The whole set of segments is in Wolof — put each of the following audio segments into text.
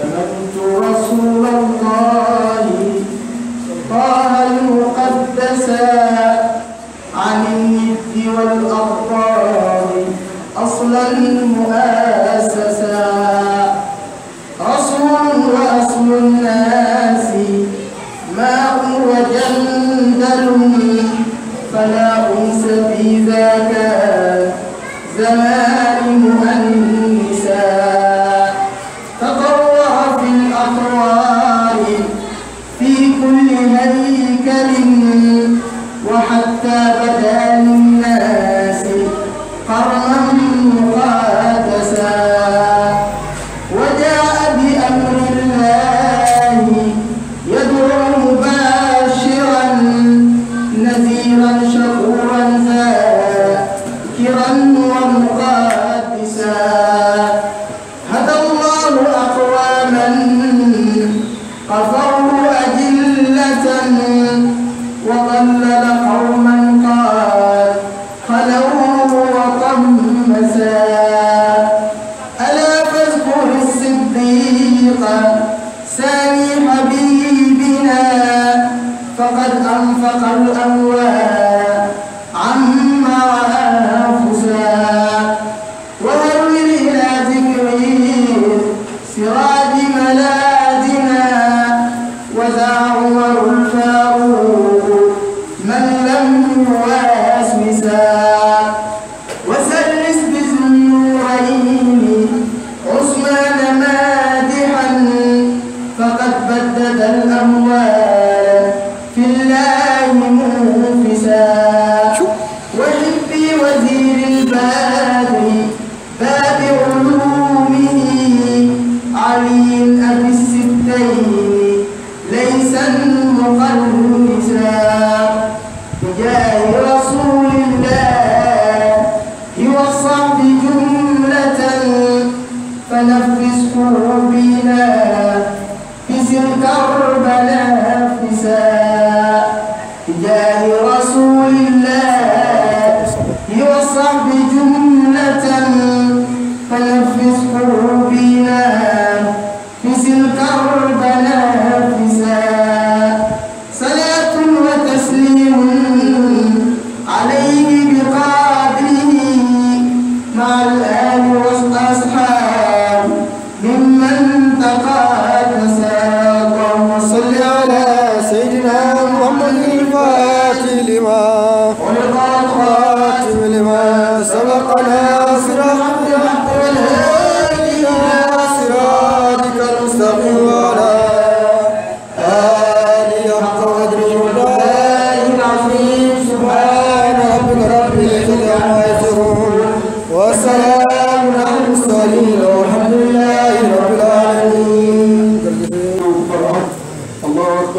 سمعت رسول الله طه المقدسا عن الند والأبطال أصلا مؤسسا رسول وأصل الناس ماء وجندل فلا أنس في ذاك زمان وقالوا أن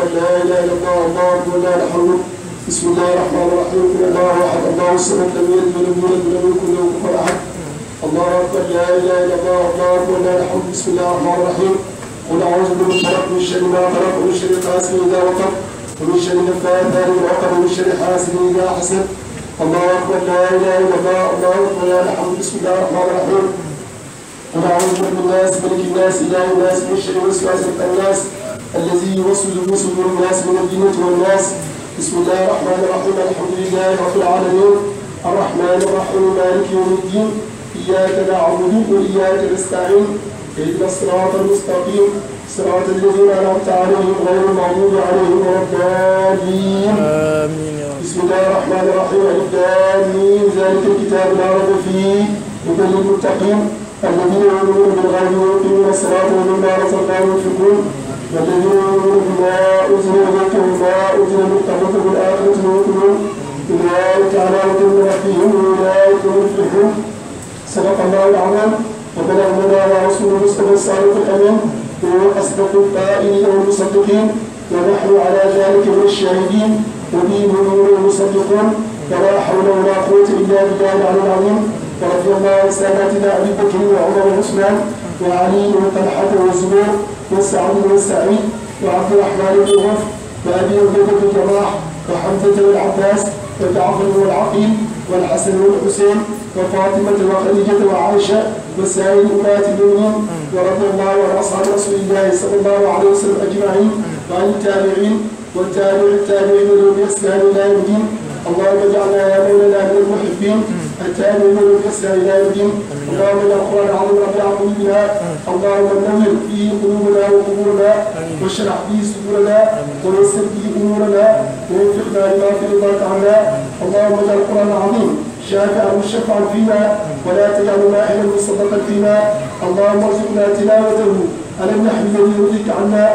أكبر لا إله إلا الله الله أكبر لا الحمد بسم الله الرحمن الرحيم قل الله أحد الله الصمد لم يلد ولم يولد ولم يكن له كفوا أحد الله أكبر لا إله إلا الله الله أكبر لا الحمد بسم الله الرحمن الرحيم قل أعوذ بالفلق من شر ما خلق ومن شر غاسق إذا وقب ومن شر النفاثات العقد ومن شر حاسد إذا حسد الله أكبر لا إله إلا الله الله أكبر لا الحمد بسم الله الرحمن الرحيم قل أعوذ بالله من الناس ملك الناس إله الناس من شر الوسواس الناس الذي يوصل يوصل الناس من الجنة والناس بسم الله الرحمن الرحيم الحمد لله رب العالمين الرحمن الرحيم مالك يوم الدين إياك نعبد وإياك نستعين اهدنا الصراط المستقيم صراط الذين أنعمت عليهم غير المغضوب عليهم ولا الضالين آمين بسم الله الرحمن الرحيم الضالين ذلك الكتاب لا ريب فيه هدى للمتقين الذين يؤمنون بالغيب ويقيمون الصلاة ومما رزقناهم ينفقون وتجنون ما أزني بكم ما أزني بالتقوى بالآخرة مؤمنون أولئك على هدى من ربهم أولئك هم المفلحون صدق الله العظيم وبلغنا على رسول المصطفى الصادق الأمين وهو أصدق القائلين والمصدقين ونحن على ذلك من الشاهدين وبه نور المصدقون ولا حول ولا قوة إلا بالله العلي العظيم ورضي الله عن سادتنا أبي بكر وعمر وعثمان وعلي وطلحة والزبير وسعد والسعيد وعبد الرحمن بن غفر وابي عبيده بن جراح وحمزه والعباس وجعفر والعقيل والحسن والحسين وفاطمة وخديجة وعائشة وسائر أمهات المؤمنين ورضي الله عن أصحاب رسول الله صلى الله عليه وسلم أجمعين وعن التابعين والتابع التابعين لهم بإحسان إلى يوم الدين اللهم اجعلنا يا مولانا من المحبين التالي من الحسنى الى الدين اللهم لا اخوان عمرنا في عقولنا اللهم نمل في قلوبنا وقبورنا واشرح في صدورنا ويسر في امورنا ووفقنا لما في رضاك عنا اللهم اجعل القران العظيم شافعا مشفعا فينا ولا تجعل مائلا مصدقا فينا اللهم ارزقنا تلاوته الم نحمد الذي يرضيك عنا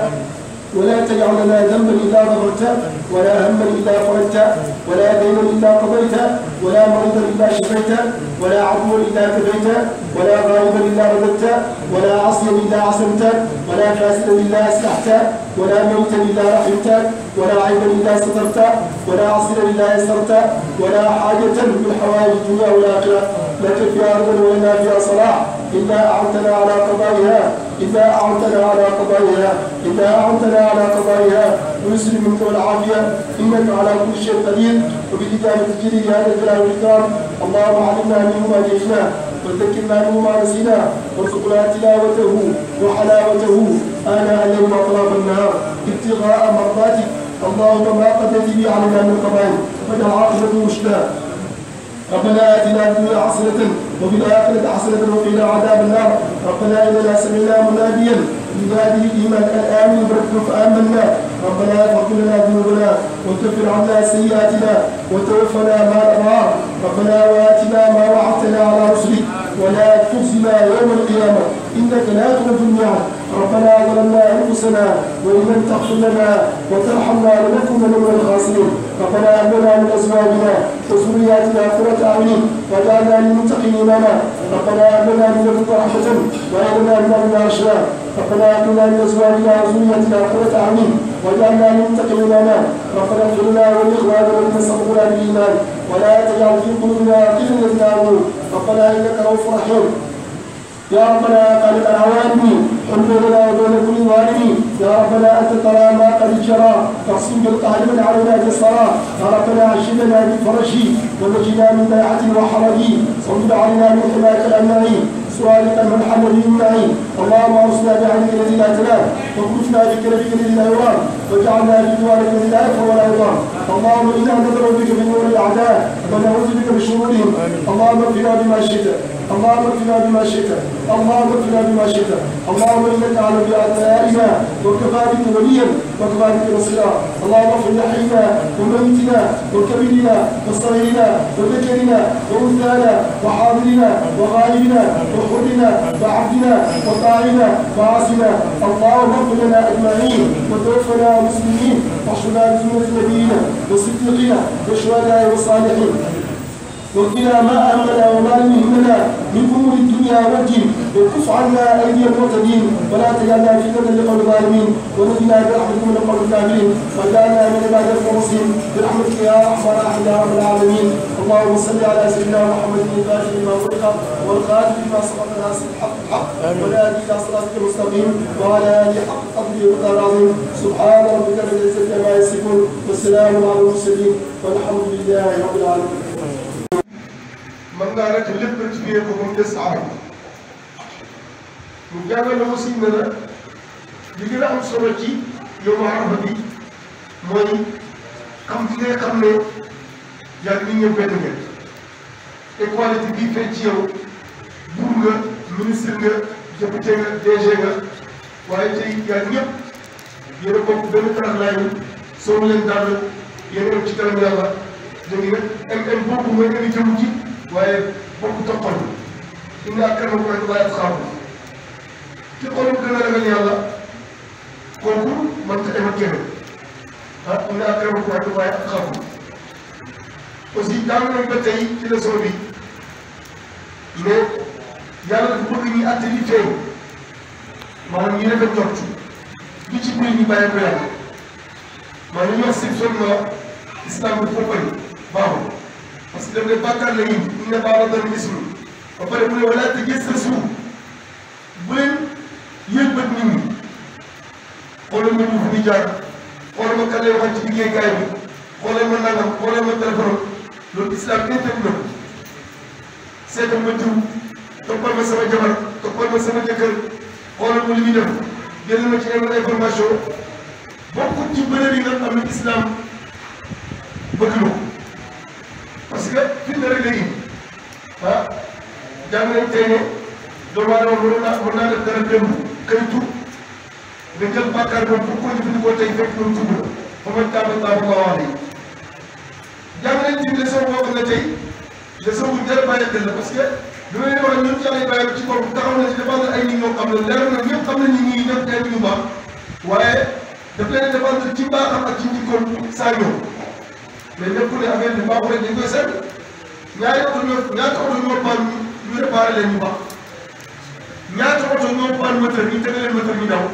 ولا تدع لنا ذنبا الا غفرته ولا هما الا فرجته ولا دينا الا قضيته ولا مريضا الا شفيته ولا عدوا الا كفيته ولا غائبا الا رددته ولا عصيا الا عصمته ولا فاسدا الا اصلحته ولا ميتا الا رحمته ولا عيبا الا سترته ولا عصيا الا يسرته ولا حاجه من حوائج الدنيا والاخره التي فيها رد وإلا فيها صلاح إلا أعنتنا على قضائها إلا أعنتنا على قضائها إلا أعنتنا على قضائها ويسر منك والعافية إنك على كل شيء قدير وبكتاب تجري لهذا الكلام الكرام اللهم علمنا منه ما جهلنا وذكرنا منه ما نسينا وارزقنا تلاوته وحلاوته آناء الليل وأطراف النهار ابتغاء مرضاتك اللهم ما قدرت به علينا من قضاء فجعل عاقبته رشدا ربنا اتنا في الدنيا حسنه وفي الاخره حسنه وقنا عذاب النار ربنا اننا سمعنا مناديا لعباده الايمان ان امنوا بربكم فامنا ربنا اغفر لنا ذنوبنا وكفر عنا سيئاتنا وتوفنا مع الابرار ربنا واتنا ما وعدتنا على رسلك ولا تخزنا يوم القيامه انك لا تخلف الميعاد ربنا ظلمنا انفسنا وان لم تغفر لنا وترحمنا لنكونن من الخاسرين ربنا هب لنا من ازواجنا وذرياتنا قرة اعين واجعلنا للمتقين اماما ربنا هب لنا من لدنك رحمة وهب لنا من رشدا ربنا هب لنا من ازواجنا وذرياتنا قرة اعين واجعلنا للمتقين اماما ربنا اغفر لنا ولاخواننا الذين سبقونا بالايمان ولا تجعل في قلوبنا غير الذين امنوا ربنا انك رؤوف رحيم يا ربنا قد أعواني حلولنا ودون كل ظالمي يا ربنا أنت ترى ما قد جرى فاقسم بالقهر من علينا جسرا يا ربنا أرشدنا بفرجي ونجنا من بيعته وحرجي صد علينا من حماية الأمنعي سؤالك من حمل يمنعي اللهم أرسلنا بعلمك الذي لا تنام وكفنا بكرمك الذي لا يرام واجعلنا بدوارك الذي لا يكفر ولا يضام اللهم إنا نذر بك من نور الأعداء ونعوذ بك من شرورهم اللهم اغفرنا بما شئت اللهم اكفنا بما شئت اللهم اكفنا بما شئت اللهم انك على بأعدائنا وكفى بك وليا وكفى بك نصيرا اللهم اغفر لحينا وميتنا وكبدنا وصغيرنا وذكرنا وانثانا وحاضرنا وغائبنا وحرنا وعبدنا وطاعنا وعاصنا اللهم اغفر لنا اجمعين وتوفنا مسلمين واحشرنا بجنة نبينا والصديقين والشهداء والصالحين وقنا ما أمنا وما يهمنا من أمور الدنيا والدين وكف عنا أيدي المعتدين ولا تجعلنا فتنة لقوم الظالمين ونجنا برحمتك من قوم الكافرين وجعلنا من عبادك المخلصين برحمتك يا أرحم يا رب العالمين اللهم صل على سيدنا محمد الفاتح لما أغلق والخاتم لما سبق الناس الحق الحق والهادي إلى صراطك المستقيم وعلى آله حق قدره وقدر العظيم سبحان ربك رب العزة عما يصفون والسلام على المرسلين والحمد لله رب العالمين man naa la te lépp rectifié ko ba mu des arab mu jàngal na aussi ne li gën a am solo ci yow ma arafa bi mooy xam fi ngay xam ne yàlla ni ñëpp benn ngeen équalité bii fee ci yow buur nga ministre nga député nga DG nga waaye tey yàlla ñëpp yéen a bokk benn kanam laay soo leen daal yéen a ci kanam yàlla dégg nga MM boobu nga waaye bokku toppal innaa akramakum inda Allaahi atqaakum ci xolum gën a ragal yàlla kooku man ta dem ah ak keneen ah innaa akramakum inda Allaahi atqaakum aussi daan nañ ba tey ci leçon bi mais yàlla dafa bëgg ñu àtte li feeñ maanaam ñu rafet njort bi ci biir ñu bàyyi ko yàlla maanaam ñoo si sonn islam bi parce que daf ne bàkkaar la indi ñu ne baal doon mislu ba pare mu ne wala te sa suuf bu leen yëlbat nit xoolal ma ñu fi ñu xoolal ma kan ci liggéeykaay bi xoolal ma nangam xoolal ma téléphone loolu islam interdit na seetal ma jiw toppal ma sama jabar toppal ma sama jëkkër xoolal ma li muy def génn ma ci yenn information bokkut ci bële yi nga am na bëgg na parce que fitna rek léegi ah jàng nañ tey ne doomu aadama mën naa mën naa def dara démb kay tuub nga jël bàkkaar boobu bu ko jëfandikoo tey fekk ñoom tuub la ba man tàmbali baaxul ko wax nii. jàng nañ ci leçon boo xam ne tey leçon bu jar bàyyi xel la parce que li may wax ñun ci bàyyi ci kaw taxaw na ci défendre ay nit ñoo xam ne leer na ñëpp xam nañ ni ñuy def ay nit ñu baax waaye daf leen défendre ci mbaaxam ak ci njëkkoon saa ñëw. mais nekkul ne affaire bi baaxul rek dañ koy seet ñaari oto ñoo ñaata oto ñoo pan ñu réparé leen ñu baax ñaata oto ñoo pan moteur ñu teg leen moteur ñu daw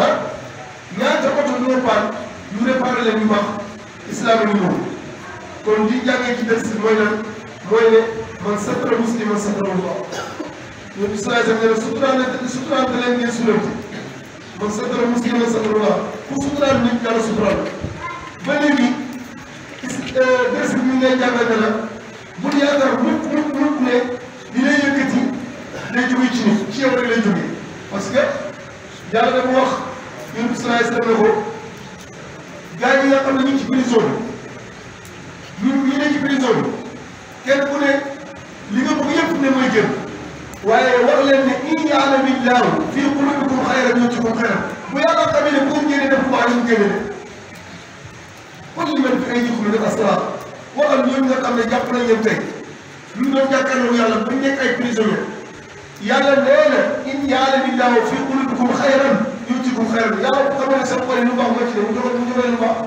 ah ñaata oto ñoo pan ñu réparé leen ñu baax islam ñu ñëw kon di jàngee ci dëkk si mooy lan mooy ne man satara musliman satara Allah ñun islam ne la suturaan suturaan da leen ngeen sulam man satara musliman satara Allah ku suturaan nit yàlla suturaan ba léegi verset bi ngay jàngal ne la bu ñu yaakaar mukk mukk mukk ne li ci nit ci yow rek parce que yàlla dafa wax yonent bi salaay salaam ne ko gars yi nga xam ne ñu ngi ci prison bi ñu ñu ne ci prison bi kenn ku ne li nga bëgg yëpp ne mooy jël waaye wax leen ne in ya'lam billaahu fii quluubikum xayran yu'tikum xayran bu yàlla xamee ne bu ngeen def baax ñu génne bi def asalaam waxal ñoom nga xam ne jàpp nañ leen tey ñu doon jàkkaarloo yàlla bu nekk ay prisonnier yàlla nee na in ya'lamu llaahu fii quluubikum xayran yu'tikum xayran yàlla bu xamoon ne seen xol yi lu baax moo ci dem mu joxe mu joxe lu baax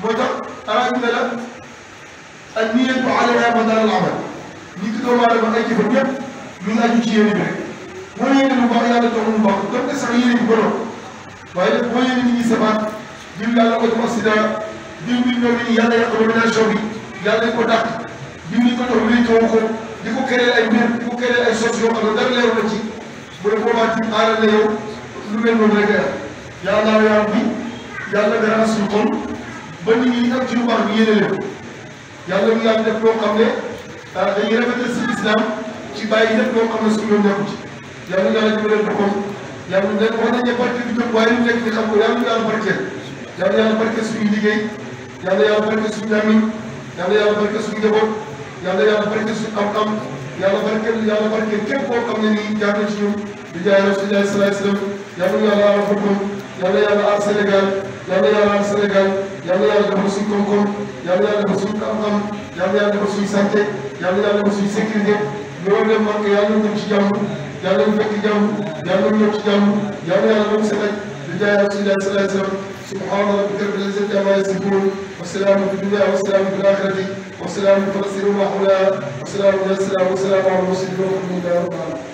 moo tax araab ne la ak nii yëpp alayha ma dara la amal nit ki doomu aadama ay jëfam yëpp ñu ngi aju ci yéene bi rek boo yéene lu baax yàlla jox lu baax donte sax yéene bi borom waaye nag boo yéene nit ñi sabaat jëm yàlla ko jox accident jiw bi ñëw nii yàlla yàq domination bi yàlla nañ ko dàq jiw bi ñu ko jox luy taw ko di ko créer ay mbir di ko créer ay sos yoo xam ne dara leeru na ci bu ne boobaa ci aaral la yow lu mel noonu rek la yàlla naa yaram bi yàlla nga raxas suñu xol ba nit ñi nag ci lu baax bi yéene leen yàlla ñu yàlla def loo xam ne ah, dañuy rafetal si islam ci bàyyi lépp loo xam ne suñu yoon nekku ci yàlla yàlla ñu leen boppam yàlla ne wax nañ ne parti bi jóg waaye ñu nekk di xam ko yàlla ñu yàlla barkeel yàlla yàlla barkeel suñuy liggéey yàlla yàlla barke suñu njàngin yàlla yàlla barke suñu njaboot yàlla yàlla barke suñu am-am yàlla barke yàlla barke képp koo xam ne nii jaar na ci ñun di jaay Rasulullah sallallahu alayhi wasallam yàlla yàlla aar boppam yàlla yàlla aar Sénégal yàlla yàlla aar Sénégal yàlla yàlla defal suñu koom-koom yàlla yàlla defal suñu am-am yàlla yàlla defal suñu santé yàlla yàlla defal suñu sécurité loolu dem manqué yàlla ñu ci jàmm yàlla ñu fekk jàmm yàlla ñu ñëw ci jàmm yàlla yàlla doon sëñ ak di jaay Rasulullah sallallahu alayhi wasallam subhaana rabbika rabbil izzati ammaa yasifuun wa salaamun fi dunya wa salaamun fil aaxirati wa salaamun fi al-mursalin wa salaamun ala al-mursalin